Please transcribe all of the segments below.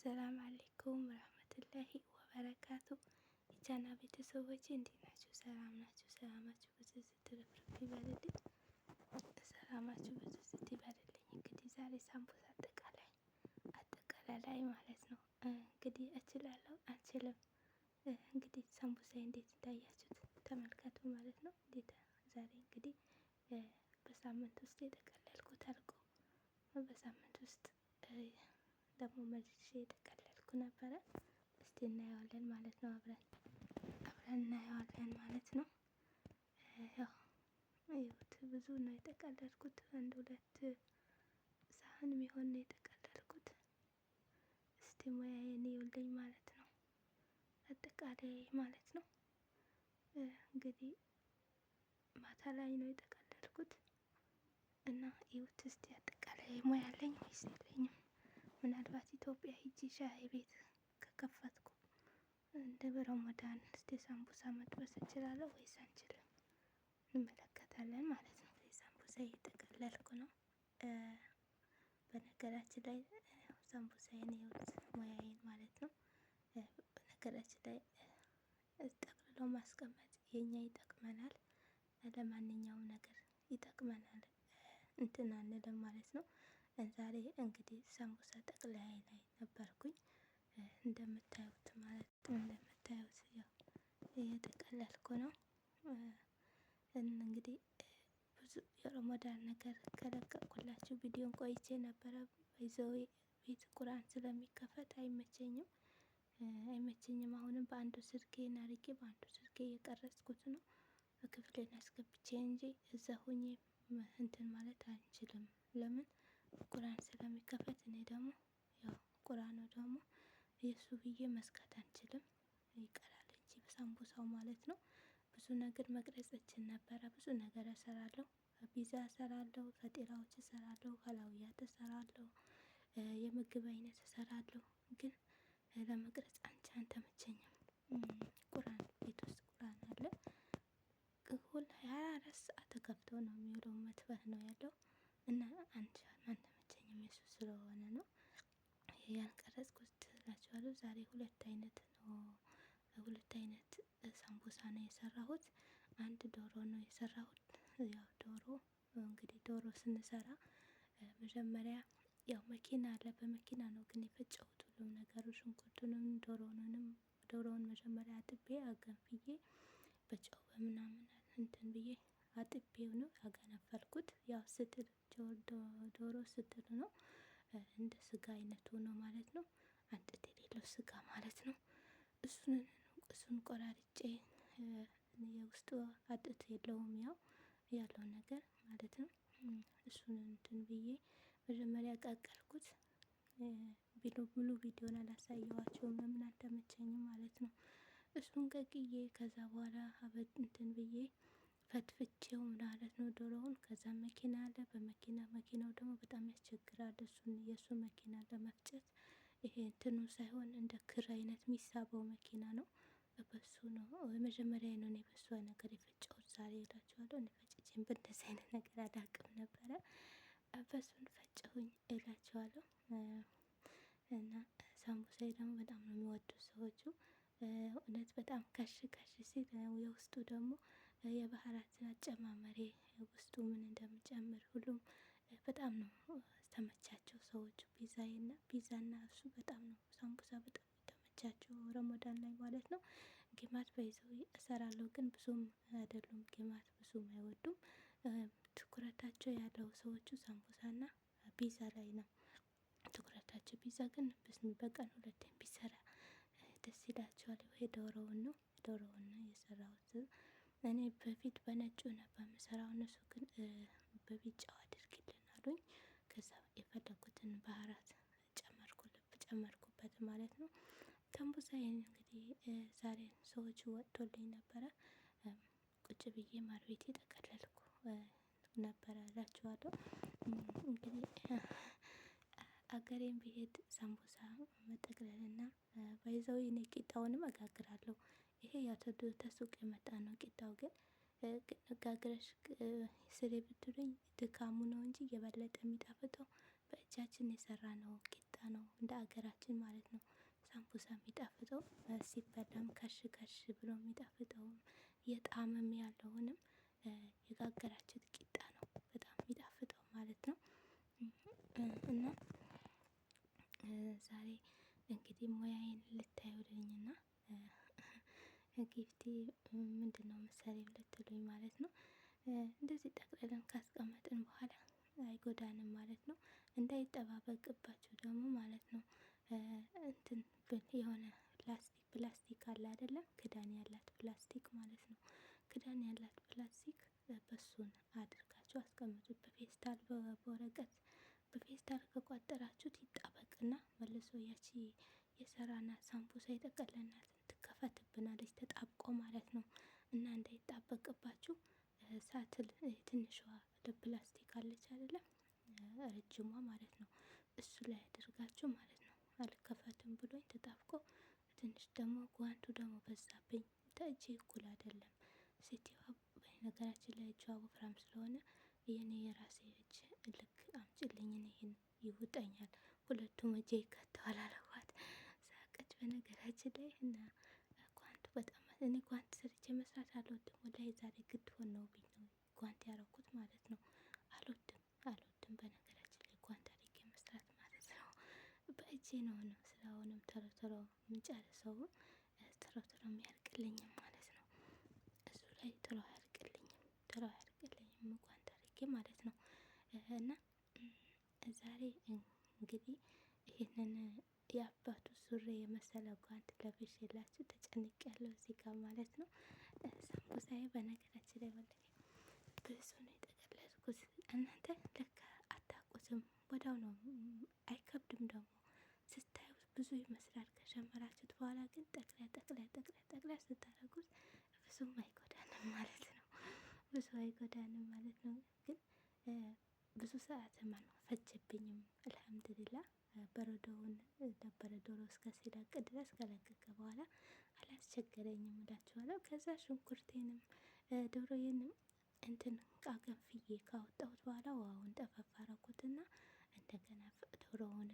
አሰላም አሌይኩም ረህመቱላሂ ወበረካቱ። የቻና ቤተሰቦች እንዴት ናችሁ? ሰላም ናችሁ? ሰላማችሁ ብዙ ስትረፍርፍ ይበልልኝ። ሰላማችሁ ብዙ ስትይበልልኝ። እንግዲህ ዛሬ ሳምቡሳ አጠቃላይ አጠቃላላይ ማለት ነው እንግዲህ እችላለሁ አልችልም። እንግዲህ ሳምቡሳ እንዴት እንዳያችሁት ተመልከቱ ማለት ነው። ዛሬ እንግዲህ በሳምንት ውስጥ የጠቀለልኩት አልቆ በሳምንት ደግሞ መልሼ የጠቀለልኩ ነበረ። እስቲ እናየዋለን ማለት ነው። አብረን አብረን እናየዋለን ማለት ነው። ያው ብዙ ነው የጠቀለልኩት። አንድ ሁለት ሳህን የሚሆን ነው የጠቀለልኩት። እስቲ ሙያዬን ይውልኝ ማለት ነው። አጠቃላይ ማለት ነው እንግዲህ ማታ ላይ ነው የጠቀለልኩት እና ይውት እስቲ አጠቃላይ ሙያለኝ ወይስ የለኝም? ምናልባት ኢትዮጵያ ሂጂ ሻይ ቤት ከከፈትኩ እንደ በረመዳን እስቲ ሳምቡሳ መጥበስ እችላለሁ ወይስ አንችልም? እንመለከታለን ማለት ነው። ሳምቡሳ እየጠቀለልኩ ነው። በነገራችን ላይ ሳምቡሳ የኔ ሙያዬን ማለት ነው። በነገራችን ላይ ጠቅልሎ ማስቀመጥ የኛ ይጠቅመናል፣ ለማንኛውም ነገር ይጠቅመናል። እንትን አንልም ማለት ነው። ዛሬ እንግዲህ ሳምቡሳ ጠቅላይ ላይ ነበርኩኝ እንደምታዩት ማለት እንደምታዩት ያው እየጠቀለልኩ ነው። እንግዲህ ብዙ የረመዳን ነገር ከለቀቁላችሁ ቪዲዮን ቆይቼ ነበረ ይዘው ቤት ቁርአን ስለሚከፈት አይመቸኝም አይመቸኝም። አሁንም በአንዱ ስልኬ አድርጌ በአንዱ ስልኬ እየቀረጽኩት ነው በክፍሌን አስገብቼ እንጂ እዛ ሁኜ እንትን ማለት አንችልም። ለምን ቁርአን ስለሚከፈት እኔ ደግሞ ያው ቁርአኑ ደግሞ የእሱ ብዬ መስካት አንችልም፣ ይቀራል እንጂ በሳምቡሳው ማለት ነው። ብዙ ነገር መቅረጽ እችል ነበረ። ብዙ ነገር እሰራለሁ፣ ፒዛ እሰራለሁ፣ ፈጢራዎች እሰራለሁ፣ ሀላውያት እሰራለሁ፣ የምግብ አይነት እሰራለሁ። ግን ለመቅረጽ አንቺ አልተመቸኝም። ቁርአን ቤት ውስጥ ቁርአን አለ። ሁል ሀያ አራት ሰዓት ተከፍቶ ነው የሚውለው። መትበህ ነው ያለው እና አንድ ሻርም አልተመቸኝም የሱ ስለሆነ ነው ያንቀረጽኩት እላችኋለሁ። ዛሬ ሁለት አይነት ነው ሁለት አይነት ሳምቡሳ ነው የሰራሁት። አንድ ዶሮ ነው የሰራሁት። ያው ዶሮ እንግዲህ ዶሮ ስንሰራ መጀመሪያ ያው መኪና አለ። በመኪና ነው ግን የፈጨሁት ሁሉም ነገሩ ሽንኩርቱንም፣ ዶሮውንም ዶሮውን መጀመሪያ አጥቤ አገንፍዬ በጨው በምናምን እንትን ብዬ አጥቤው ነው ያገነፈልኩት። ያው ስትር ዶሮ ስትር ነው እንደ ስጋ አይነቱ ነው ማለት ነው። አንድ የሌለው ስጋ ማለት ነው። እሱን እሱን ቆራርጬ የውስጡ አጥት የለውም ያው ያለው ነገር ማለት ነው። እሱን እንትን ብዬ መጀመሪያ ቀቀልኩት። ሙሉ ቪዲዮን አላሳየዋቸውም ለምን አልተመቸኝም ማለት ነው። እሱን ቀቅዬ ከዛ በኋላ እንትን ብዬ ፈትፍቼው ማለት ነው ዶሮውን። ከዛ መኪና አለ በመኪና መኪናው ደግሞ በጣም ያስቸግራል። እሱን የእሱ መኪና ለመፍጨት ይሄ እንትኑ ሳይሆን እንደ ክር አይነት የሚሳበው መኪና ነው። በሱ ነው መጀመሪያ ነው እኔ በሱ ነገር የፈጨሁት ዛሬ እላችኋለሁ። እኔ ፈጭቼም በእንደዚህ አይነት ነገር አላውቅም ነበረ። በሱን ፈጨሁኝ እላችኋለሁ። እና ሳምቡሳ ደግሞ በጣም ነው የሚወዱት ሰዎቹ። እውነት በጣም ከሽ ከሽ ሲል የውስጡ ደግሞ የባህራትን አጨማመሬ ውስጡ ምን እንደምጨምር ሁሉም በጣም ነው ተመቻቸው ሰዎቹ። ፒዛና ፒዛና እሱ በጣም ነው ሳምቡሳ በጣም ተመቻቸው ረመዳን ላይ ማለት ነው። ጌማት በይዘው እሰራለሁ፣ ግን ብዙም አይደሉም። ጌማት ብዙም አይወዱም። ትኩረታቸው ያለው ሰዎቹ ሳምቡሳና ፒዛ ላይ ነው ትኩረታቸው። ፒዛ ግን ብዙም በቀን ሁለቴም ቢሰራ ደስ ይላቸዋል። ይሄ ዶሮውን ነው ዶሮውን የሰራሁት እኔ በፊት በነጩ ነበር የምሰራው፣ እነሱ ግን በቢጫው አድርግልን አሉኝ። ከዛ የፈለጉትን ባህራት ጨመርኩበት ማለት ነው። ተንቡዛ እንግዲህ ዛሬ ሰዎቹ ወጥቶልኝ ነበረ። ቁጭ ብዬ ማር ቤት የጠቀለልኩ ነበረ እላችኋለሁ። እንግዲህ አገሬን ብሄድ ሳምቡሳ መጠቅለልና ባይዘው እኔ ቂጣውንም እጋግራለሁ። ይሄ ያቶ ተሱቅ የመጣ ነው። ቂጣው ግን ጋግረሽ ስር ብትሉኝ ድካሙ ነው እንጂ የበለጠ የሚጣፍጠው በእጃችን የሰራ ነው ቂጣ ነው፣ እንደ አገራችን ማለት ነው። ሳምቡሳ የሚጣፍጠው ሲበላም ከሽ ከሽ ብሎ የሚጣፍጠው የጣመም ያለውንም የጋገራችን ቂጣ ነው በጣም የሚጣፍጠው ማለት ነው። እና ዛሬ እንግዲህ ሙያዬን ልታዩልኝ እና ጊፍቲ ምንድን ነው ምሳሌ ልትሉኝ ማለት ነው። እንደዚህ ጠቅልለን ካስቀመጥን በኋላ አይጎዳንም ማለት ነው። እንዳይጠባበቅባችሁ ደግሞ ማለት ነው እንትን የሆነ ፕላስቲክ ፕላስቲክ አለ አይደለም፣ ክዳን ያላት ፕላስቲክ ማለት ነው። ክዳን ያላት ፕላስቲክ በሱን አድርጋችሁ አስቀምጡት። በፌስታል በወረቀት በፌስታል ከቋጠራችሁት ይጣበቅና መልሶ ያቺ የሰራናት ሳምቡሳ የጠቀለልናት ትከፈትብናለች ተጣብቆ ማለት ነው። እና እንዳይጣበቅባችሁ ሳትል ትንሿ ፕላስቲክ አለች አይደለም፣ ረጅሟ ማለት ነው። እሱ ላይ አድርጋችሁ ማለት ነው። አልከፈትም ብሎኝ ተጣብቆ ትንሽ ደግሞ ጓንቱ ደግሞ በዛብኝ። ተእጄ እኩል አይደለም ሴትዋ። ነገራችን ላይ እጇ ወፍራም ስለሆነ የኔ የራሴ እጅ ልክ አምጪልኝ፣ ይህን ይውጠኛል። ሁለቱም እጄ ይከተዋል አለኋት። ሳቀች በነገራችን ላይ እና እኔ ጓንት ሰርቼ መስራት አልወድም። ወደ ላይ ዛሬ ግድ ሆነውብኝ ነው ጓንት ያረኩት ማለት ነው። አልወድም አልወድም በነገራችን ላይ ጓንት አድርጌ መስራት ማለት ነው። በእጄ ነው ነው ስራውንም ቶሎ ቶሎ የምጨርሰው ቶሎ ቶሎ የሚያልቅልኝም ማለት ነው። እሱ ላይ ቶሎ አያልቅልኝም ቶሎ አያልቅልኝም ጓንት አድርጌ ማለት ነው እና ዛሬ እንግዲህ ይህንን የአባቱ ሱሪ የመሰለ ጓንት ለብሼላችሁ ተጨንቅ ያለው እዚህ ጋር ማለት ነው። ሳምቡሳዬ በነገራችን ላይ ወንድ ብዙ ነው የጠቀለልኩት። እናንተ ልክ አታውቁትም፣ ወዳው ነው አይከብድም። ደግሞ ስታዩት ብዙ ይመስላል። ከሸመራችሁት በኋላ ግን ጠቅላይ ጠቅላይ ጠቅላይ ጠቅላይ ስታደርጉት ብዙም አይጎዳንም ማለት ነው። ብዙ አይጎዳንም ማለት ነው ግን ብዙ ሰዓትም አልፈጀብኝም። አልሐምዱሊላ በረዶውን ነበረ ዶሮ እስከ ሲለቅ ድረስ ከለቀቀ በኋላ አላስቸገረኝም እላችኋለሁ። ከዛ ሽንኩርቴንም ዶሮዬንም እንትን አገንፍዬ ካወጣሁት በኋላ ውሃውን ጠፈፍ እና እንደገና ዶሮውን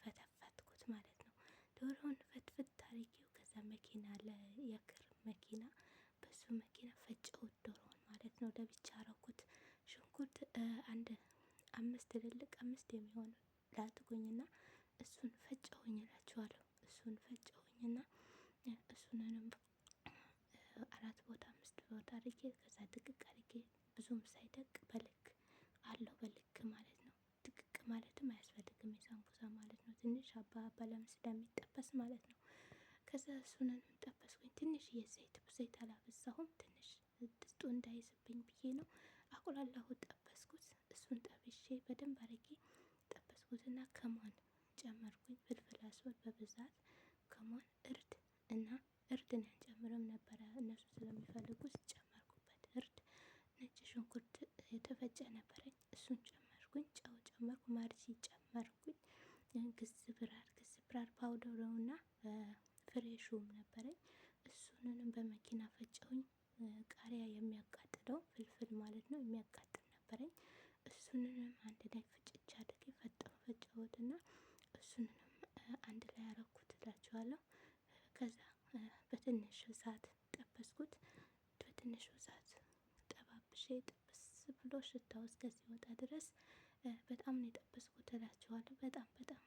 ፈተፈትኩት ማለት ነው። ዶሮውን ፈትፍት አርጌው ከዛ መኪና ለየክር መኪና በሱ መኪና ፈጨሁት ዶሮውን ማለት ነው። ለብቻ አረኩት ሽንኩርት አንድ አምስት ትልልቅ አምስት የሚሆኑ ላጥኩኝና እሱን ፈጨሁኝ እላችኋለሁ። እሱን ፈጨሁኝና እሱንንም አራት ቦታ አምስት ቦታ አድርጌ ከዛ ድቅቅ አድርጌ ብዙም ሳይደቅ በልክ አለው በልክ ማለት ነው። ድቅቅ ማለትም አያስፈልግም የሳምቡሳ ማለት ነው። ትንሽ አባ በለም ስለሚጠበስ ማለት ነው። ከዛ እሱንም ጠበስኩኝ። ትንሽ ዘይት ዘይት አላበዛሁም። ትንሽ ድስጡ እንዳይዝብኝ ብዬ ነው አቁላላሁ። እሱን ጠብሼ በደንብ አድርጌ ጠበስኩትና ከሟን ጨመርኩኝ። ፍልፍል አስወድ በብዛት ከሟን እርድ እና እርድን አንጨምርም ነበረ እነሱ ስለሚፈልጉ ጨመርኩበት። እርድ ነጭ ሽንኩርት የተፈጨ ነበረኝ እሱን ጨመርኩኝ። ጨው ጨመርኩ። ማርሲ ጨመርኩኝ። ግዝብራር ግዝብራር ፓውደሩና ፍሬሹም ነበረኝ እሱንንም በመኪና በትንሽ እሳት ጠበስኩት። በትንሹ እሳት ጠባብሼ ጥብስ ብሎ ሽታው እስከሚወጣ ድረስ በጣም ነው የጠበስኩት እላቸዋለሁ። በጣም በጣም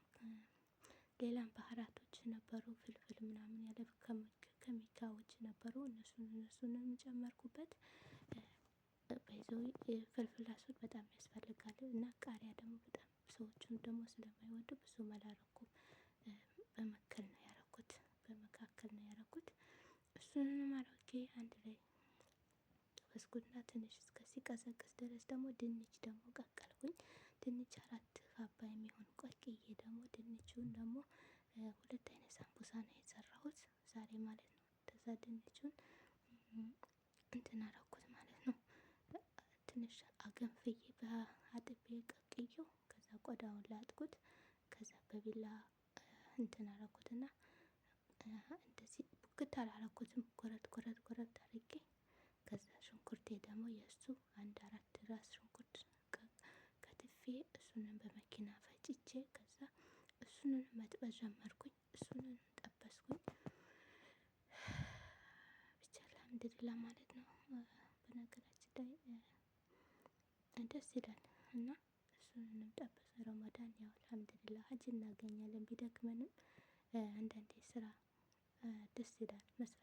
ሌላም ባህራቶች ነበሩ፣ ፍልፍል ምናምን ያለ ከሚካዎች ነበሩ። እነሱን እነሱንም የሚጨመርኩበት በይዘው ፍልፍል አስወጥ በጣም ያስፈልጋል እና ቃሪያ ደግሞ በጣም ሰዎቹን ደግሞ ስለማይወዱ ብዙ መላረኩ እሱንም አድርጌ አንድ ላይ ጠበስኩና ትንሽ እስከ ሲቀዘቅዝ ድረስ ደግሞ ድንች ደግሞ ቀቀልኩኝ። ድንች አራት ካባ የሚሆን ቀቅዬ ደግሞ ድንቹን ደግሞ ሁለት አይነት ሳምቡሳ ነው የሰራሁት ዛሬ ማለት ነው። ከዛ ድንቹን እንትን አረኩት ማለት ነው። ትንሽ አገንፍዬ በአጥቤ ቀቅዬው ከዛ ቆዳውን ላጥኩት። ከዛ በቢላ እንትን አረኩትና አላረኩትም። ኮረት ኮረት ኮረት አድርጌ ከዛ ሽንኩርቴ ደግሞ የእሱ አንድ አራት ራስ ሽንኩርት ከትፌ እሱንም በመኪና ፈጭቼ ከዛ እሱንም መጥበስ ጀመርኩኝ። እሱንም ጠበስኩኝ። ብቻ አልሐምድሊላ ማለት ነው። በነገራችን ላይ ደስ ይላል እና እሱንም ጠበስ። ረመዳን ያው አልሐምድሊላ ሀጅ እናገኛለን ቢደክመንም አንዳንዴ ስራ ደስ ይላል መስራት